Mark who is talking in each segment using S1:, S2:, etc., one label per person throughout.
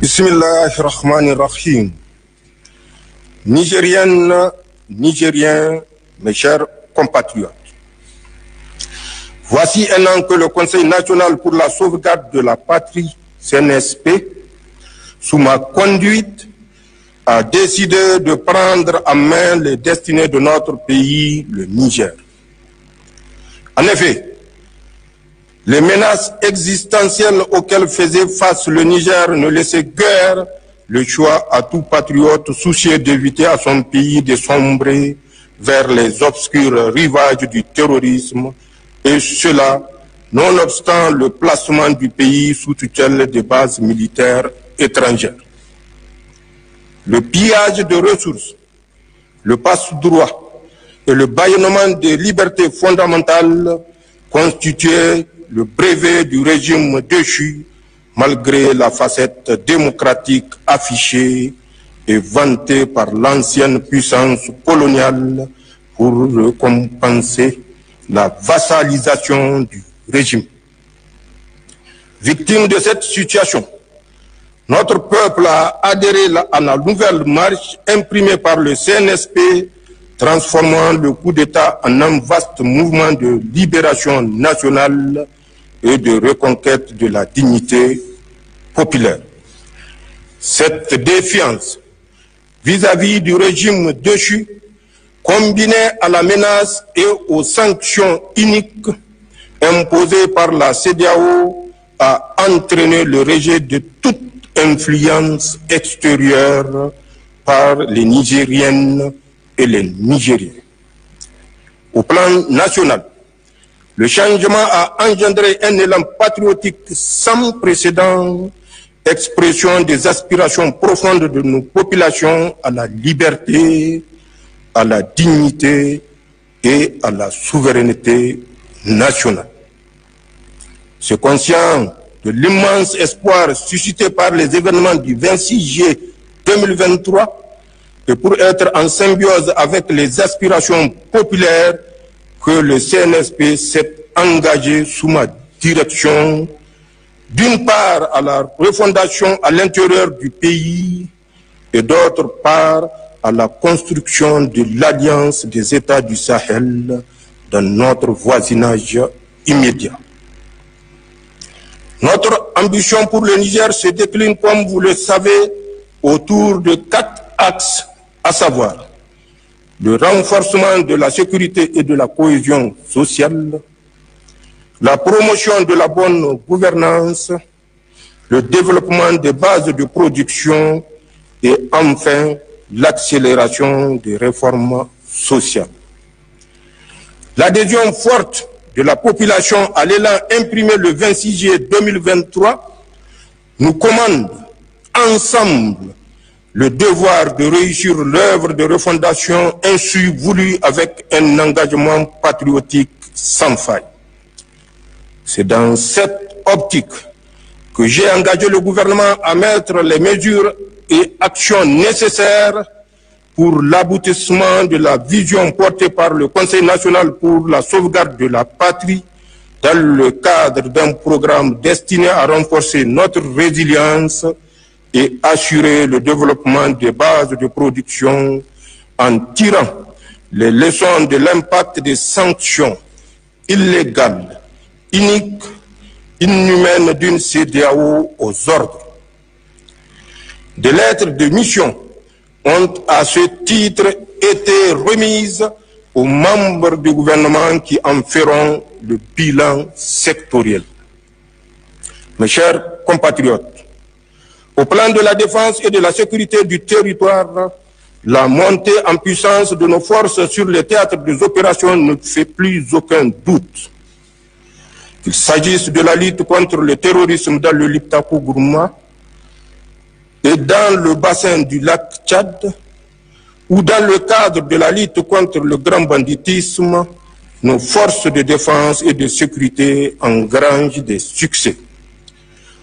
S1: Bismillah Rahman Rahim. Nigérienne, Nigérien, mes chers compatriotes. Voici un an que le Conseil national pour la sauvegarde de la patrie, CNSP, sous ma conduite, a décidé de prendre en main les destinées de notre pays, le Niger. En effet, les menaces existentielles auxquelles faisait face le Niger ne laissaient guère le choix à tout patriote soucieux d'éviter à son pays de sombrer vers les obscurs rivages du terrorisme, et cela nonobstant le placement du pays sous tutelle des bases militaires étrangères. Le pillage de ressources, le passe-droit et le bâillonnement des libertés fondamentales constituaient le brevet du régime déchu malgré la facette démocratique affichée et vantée par l'ancienne puissance coloniale pour compenser la vassalisation du régime. Victime de cette situation, notre peuple a adhéré à la nouvelle marche imprimée par le CNSP, transformant le coup d'État en un vaste mouvement de libération nationale et de reconquête de la dignité populaire. Cette défiance vis-à-vis du régime dessus combinée à la menace et aux sanctions uniques imposées par la CDAO, a entraîné le rejet de toute influence extérieure par les Nigériennes et les Nigériens. Au plan national, le changement a engendré un élan patriotique sans précédent, expression des aspirations profondes de nos populations à la liberté, à la dignité et à la souveraineté nationale. C'est conscient de l'immense espoir suscité par les événements du 26 juillet 2023 et pour être en symbiose avec les aspirations populaires le CNSP s'est engagé sous ma direction, d'une part à la refondation à l'intérieur du pays et d'autre part à la construction de l'alliance des États du Sahel dans notre voisinage immédiat. Notre ambition pour le Niger se décline, comme vous le savez, autour de quatre axes, à savoir le renforcement de la sécurité et de la cohésion sociale, la promotion de la bonne gouvernance, le développement des bases de production et enfin l'accélération des réformes sociales. L'adhésion forte de la population à l'élan imprimé le 26 juillet 2023 nous commande ensemble le devoir de réussir l'œuvre de refondation ainsi voulue avec un engagement patriotique sans faille. C'est dans cette optique que j'ai engagé le gouvernement à mettre les mesures et actions nécessaires pour l'aboutissement de la vision portée par le Conseil national pour la sauvegarde de la patrie dans le cadre d'un programme destiné à renforcer notre résilience et assurer le développement des bases de production en tirant les leçons de l'impact des sanctions illégales, iniques, inhumaines d'une CDAO aux ordres. Des lettres de mission ont à ce titre été remises aux membres du gouvernement qui en feront le bilan sectoriel. Mes chers compatriotes, au plan de la défense et de la sécurité du territoire, la montée en puissance de nos forces sur le théâtre des opérations ne fait plus aucun doute. Qu'il s'agisse de la lutte contre le terrorisme dans le Liptako-Gourma et dans le bassin du lac Tchad, ou dans le cadre de la lutte contre le grand banditisme, nos forces de défense et de sécurité engrangent des succès.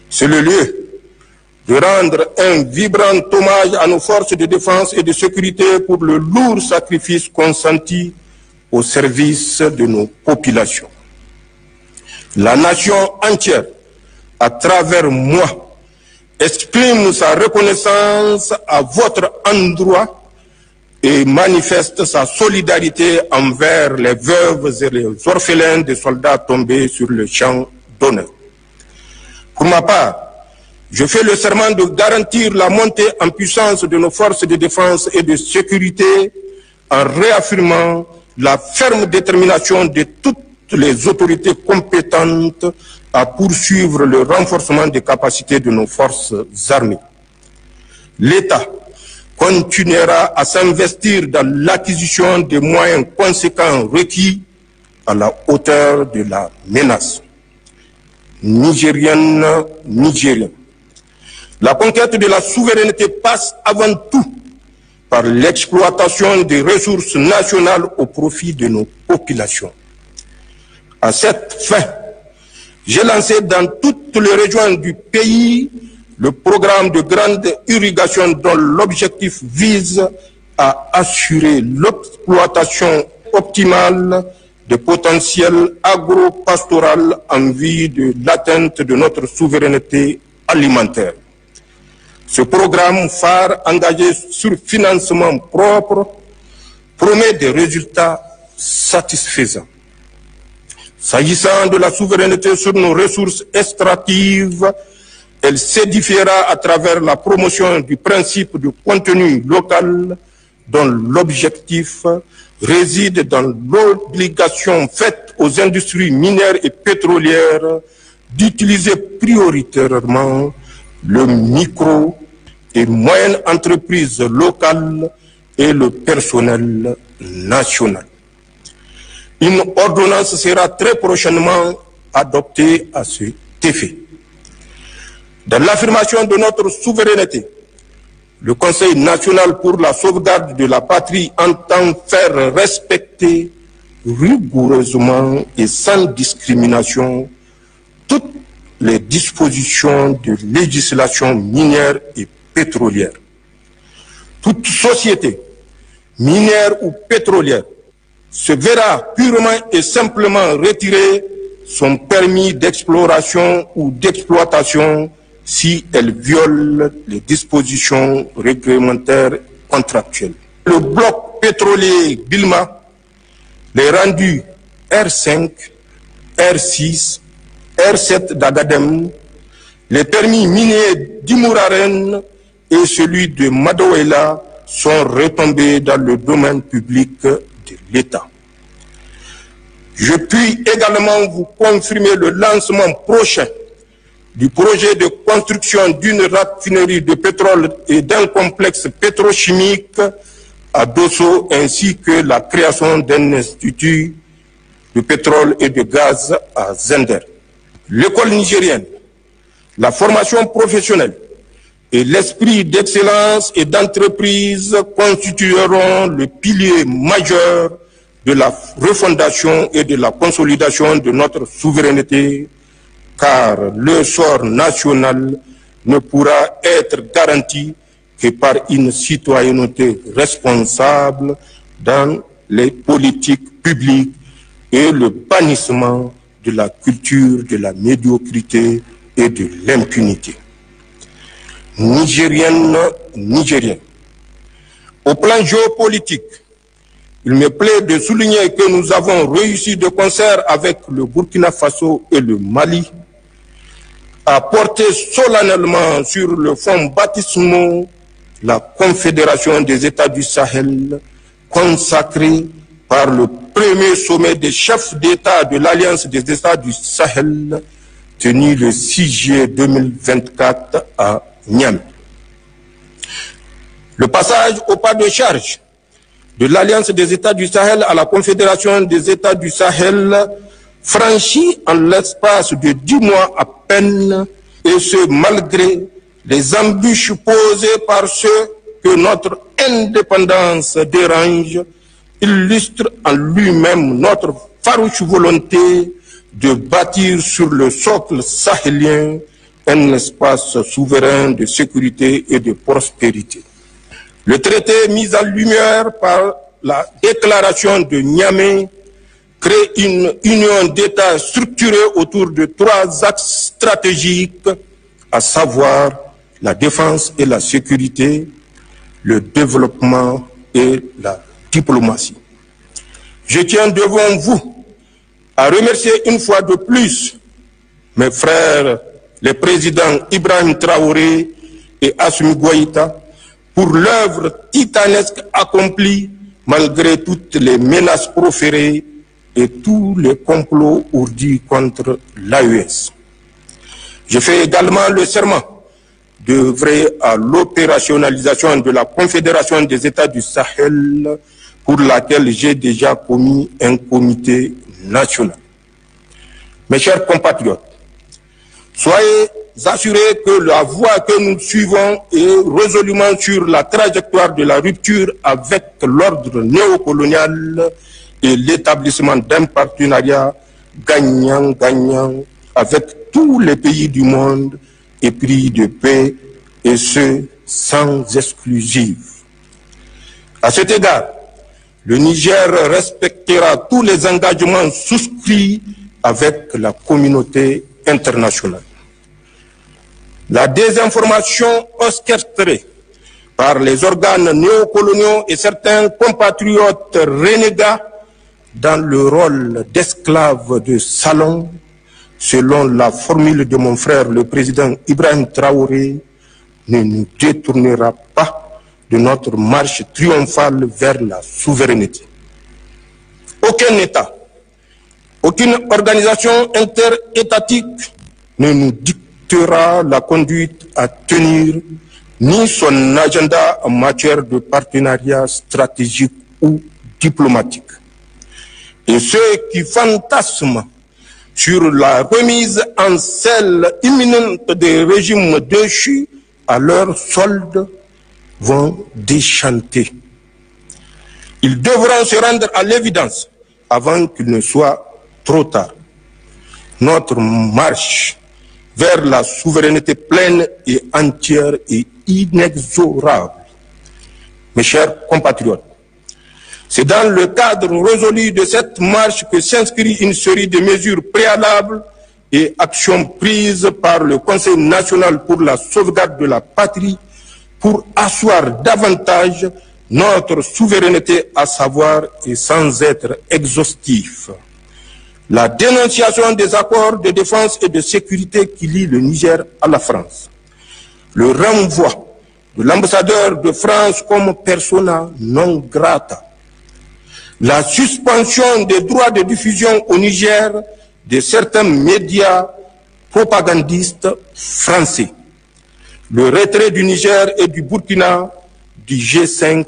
S1: C'est le lieu de rendre un vibrant hommage à nos forces de défense et de sécurité pour le lourd sacrifice consenti au service de nos populations. La nation entière, à travers moi, exprime sa reconnaissance à votre endroit et manifeste sa solidarité envers les veuves et les orphelins des soldats tombés sur le champ d'honneur. Pour ma part, je fais le serment de garantir la montée en puissance de nos forces de défense et de sécurité en réaffirmant la ferme détermination de toutes les autorités compétentes à poursuivre le renforcement des capacités de nos forces armées. L'État continuera à s'investir dans l'acquisition des moyens conséquents requis à la hauteur de la menace. Nigérienne, nigérienne. La conquête de la souveraineté passe avant tout par l'exploitation des ressources nationales au profit de nos populations. À cette fin, j'ai lancé dans toutes les régions du pays le programme de grande irrigation dont l'objectif vise à assurer l'exploitation optimale des potentiels agro-pastoral en vue de l'atteinte de notre souveraineté alimentaire. Ce programme phare engagé sur financement propre promet des résultats satisfaisants. S'agissant de la souveraineté sur nos ressources extractives, elle s'édifiera à travers la promotion du principe du contenu local dont l'objectif réside dans l'obligation faite aux industries minières et pétrolières d'utiliser prioritairement le micro et moyenne entreprise locale et le personnel national. Une ordonnance sera très prochainement adoptée à cet effet. Dans l'affirmation de notre souveraineté, le Conseil national pour la sauvegarde de la patrie entend faire respecter rigoureusement et sans discrimination toutes les dispositions de législation minière et pétrolière. Toute société, minière ou pétrolière, se verra purement et simplement retirer son permis d'exploration ou d'exploitation si elle viole les dispositions réglementaires contractuelles. Le bloc pétrolier Bilma, les rendus R5, R6 R7 d'Agadem, les permis miniers d'Imouraren et celui de Madoela sont retombés dans le domaine public de l'État. Je puis également vous confirmer le lancement prochain du projet de construction d'une raffinerie de pétrole et d'un complexe pétrochimique à Dosso ainsi que la création d'un institut de pétrole et de gaz à Zender l'école nigérienne, la formation professionnelle et l'esprit d'excellence et d'entreprise constitueront le pilier majeur de la refondation et de la consolidation de notre souveraineté, car le sort national ne pourra être garanti que par une citoyenneté responsable dans les politiques publiques et le bannissement de la culture de la médiocrité et de l'impunité. Nigérienne, Nigérien. Au plan géopolitique, il me plaît de souligner que nous avons réussi de concert avec le Burkina Faso et le Mali à porter solennellement sur le fond baptismaux la Confédération des États du Sahel consacrée par le premier sommet des chefs d'État de l'Alliance des États du Sahel tenu le 6 juillet 2024 à Niamey. Le passage au pas de charge de l'Alliance des États du Sahel à la Confédération des États du Sahel franchi en l'espace de dix mois à peine, et ce malgré les embûches posées par ceux que notre indépendance dérange illustre en lui-même notre farouche volonté de bâtir sur le socle sahélien un espace souverain de sécurité et de prospérité. Le traité mis en lumière par la déclaration de Niamey crée une union d'États structurée autour de trois axes stratégiques, à savoir la défense et la sécurité, le développement et la diplomatie. Je tiens devant vous à remercier une fois de plus mes frères, les présidents Ibrahim Traoré et Assumi Goïta, pour l'œuvre titanesque accomplie malgré toutes les menaces proférées et tous les complots ourdis contre l'AES. Je fais également le serment de d'œuvrer à l'opérationnalisation de la Confédération des États du Sahel pour laquelle j'ai déjà commis un comité national. Mes chers compatriotes, soyez assurés que la voie que nous suivons est résolument sur la trajectoire de la rupture avec l'ordre néocolonial et l'établissement d'un partenariat gagnant-gagnant avec tous les pays du monde et pris de paix, et ce, sans exclusive. À cet égard, le Niger respectera tous les engagements souscrits avec la communauté internationale. La désinformation orchestrée par les organes néocoloniaux et certains compatriotes renégats dans le rôle d'esclaves de salon, selon la formule de mon frère le président Ibrahim Traoré, ne nous détournera pas de notre marche triomphale vers la souveraineté. Aucun État, aucune organisation interétatique ne nous dictera la conduite à tenir, ni son agenda en matière de partenariat stratégique ou diplomatique. Et ceux qui fantasment sur la remise en selle imminente des régimes déchus à leur solde vont déchanter. Ils devront se rendre à l'évidence avant qu'il ne soit trop tard. Notre marche vers la souveraineté pleine et entière est inexorable. Mes chers compatriotes, c'est dans le cadre résolu de cette marche que s'inscrit une série de mesures préalables et actions prises par le Conseil national pour la sauvegarde de la patrie pour asseoir davantage notre souveraineté à savoir et sans être exhaustif. La dénonciation des accords de défense et de sécurité qui lient le Niger à la France. Le renvoi de l'ambassadeur de France comme persona non grata. La suspension des droits de diffusion au Niger de certains médias propagandistes français le retrait du Niger et du Burkina du G5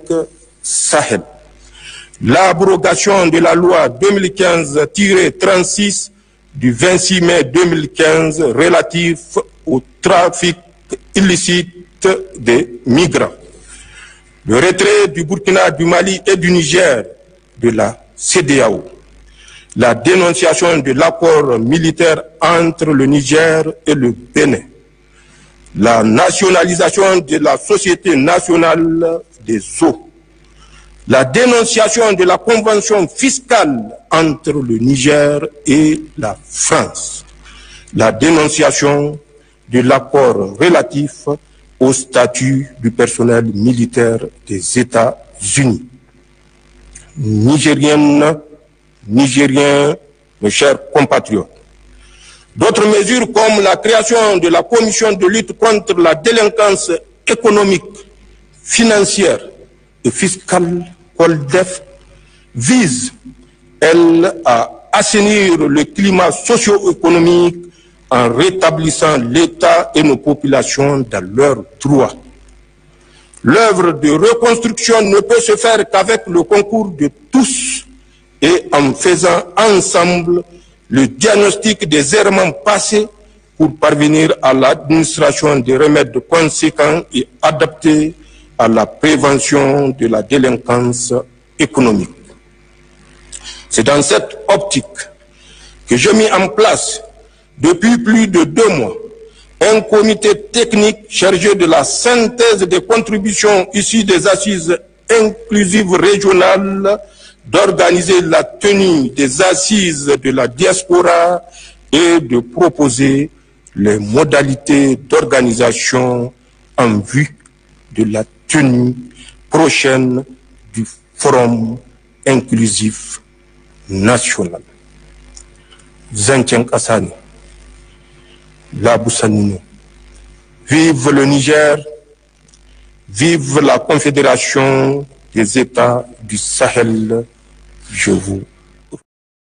S1: Sahel, l'abrogation de la loi 2015-36 du 26 mai 2015 relatif au trafic illicite des migrants, le retrait du Burkina, du Mali et du Niger de la CDAO, la dénonciation de l'accord militaire entre le Niger et le Bénin, la nationalisation de la Société nationale des eaux, la dénonciation de la convention fiscale entre le Niger et la France, la dénonciation de l'accord relatif au statut du personnel militaire des États-Unis. Nigériennes, Nigériens, mes chers compatriotes, D'autres mesures comme la création de la commission de lutte contre la délinquance économique, financière et fiscale, COLDEF, visent, elles, à assainir le climat socio-économique en rétablissant l'État et nos populations dans leurs droits. L'œuvre de reconstruction ne peut se faire qu'avec le concours de tous et en faisant ensemble le diagnostic des errements passés pour parvenir à l'administration des remèdes conséquents et adaptés à la prévention de la délinquance économique. C'est dans cette optique que j'ai mis en place depuis plus de deux mois un comité technique chargé de la synthèse des contributions issues des assises inclusives régionales d'organiser la tenue des assises de la diaspora et de proposer les modalités d'organisation en vue de la tenue prochaine du Forum inclusif national. Zentien Kassani, Laboussanino, vive le Niger, vive la Confédération des États du Sahel je vous